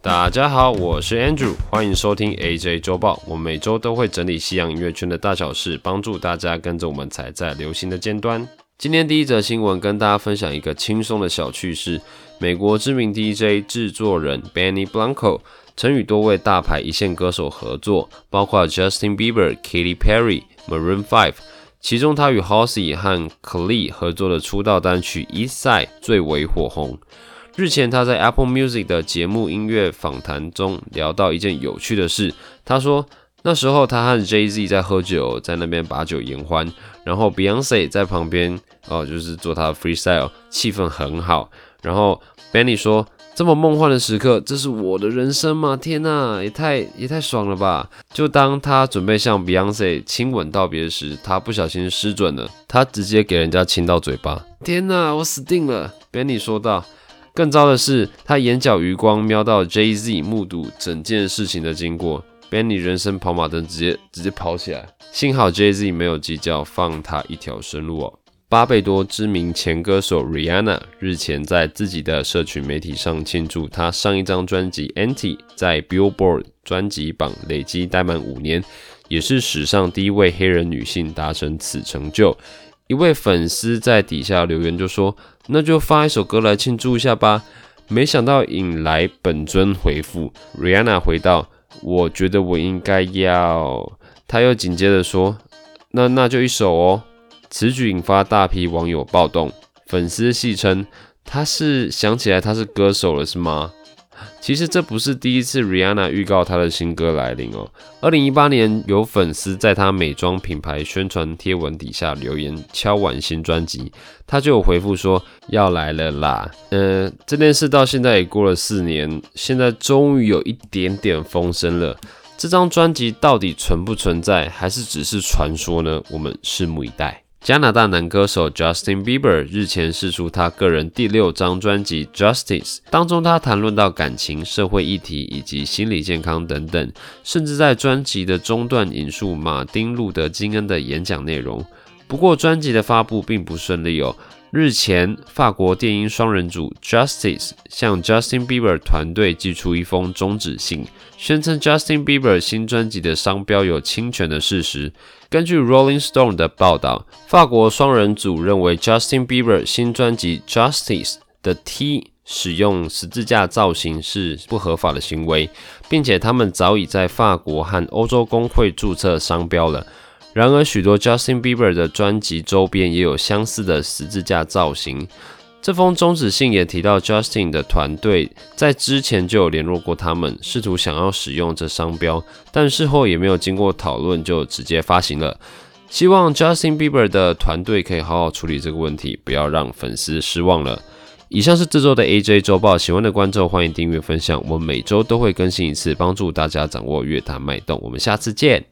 大家好，我是 Andrew，歡迎收聽 AJ 周報。我們每周都會整理西洋音樂圈的大小事，幫助大家跟着我們踩在流行的尖端。今天第一則新聞跟大家分享一個輕鬆的小趣事：美國知名 DJ 制作人 Benny Blanco，曾與多位大牌一線歌手合作，包括 Justin Bieber、Katy Perry、Maroon Five，其中他與 Halsey 和 Khalid 合作的出道單曲《Eastside》最為火紅。日前，他在 Apple Music 的節目音樂訪談中聊到一件有趣的事。他說，那時候他和 Jay-Z 在喝酒，在那邊把酒言歡，然後 Beyoncé 在旁邊，哦，就是做他的 freestyle，氣氛很好。然後 Benny 說：“這麼夢幻的時刻，這是我的人生嗎？天哪，也太也太爽了吧！”就當他準備向 Beyoncé 親吻道別時，他不小心失準了，他直接給人家親到嘴巴。天哪，我死定了！Benny 說道。更糟的是，他眼角餘光瞄到 Jay-Z 目睹整件事情的經過，Benny 人生跑馬燈直接直接跑起來。幸好 Jay-Z 沒有計較，放他一條生路哦。巴貝多知名前歌手 Rihanna 日前在自己的社群媒體上慶祝，她上一張專輯《Anti》在 Billboard 專輯榜累積待滿五年，也是史上第一位黑人女性達成此成就。一位粉絲在底下留言就說：“那就發一首歌來慶祝一下吧。”沒想到引來本尊回覆，Rihanna 回道：“我覺得我應該要。”他又緊接着說：“那那就一首哦。”此舉引發大批網友暴動，粉絲戲稱他是想起來他是歌手了是嗎？其實這不是第一次 Rihanna 預告她的新歌來臨哦。二零一八年，有粉絲在她美妝品牌宣傳貼文底下留言敲碗新專輯，她就有回覆說要來了啦。嗯，這件事到現在也過了四年，現在終於有一點點風聲了。這張專輯到底存不存在，還是只是傳說呢？我們拭目以待。加拿大男歌手 Justin Bieber 日前釋出他個人第六張專輯《Justice》，當中他談論到感情、社會議題以及心理健康等等，甚至在專輯的中段引述馬丁·路德·金恩的演講內容。不過，專輯的發布並不順利哦。日前，法國電音雙人組 Justice 向 Justin Bieber 團隊寄出一封終止信，宣稱 Justin Bieber 新專輯的商標有侵權的事實。根據 Rolling Stone 的報道，法國雙人組認為 Justin Bieber 新專輯 Justice 的 T 使用十字架造型是不合法的行為，並且他們早已在法國和歐洲工會註冊商標了。然而，許多 Justin Bieber 的專輯周邊也有相似的十字架造型。這封終止信也提到，Justin 的團隊在之前就有聯絡過他們，試圖想要使用這商標，但事後也沒有經過討論就直接發行了。希望 Justin Bieber 的團隊可以好好處理這個問題，不要讓粉絲失望了。以上是這週的 AJ 週報，喜歡的觀眾歡迎訂閱分享，我們每周都會更新一次，幫助大家掌握樂壇脈動。我們下次見。